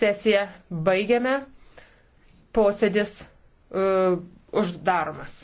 Sesiją baigiame. Posėdis uh, uždaromas.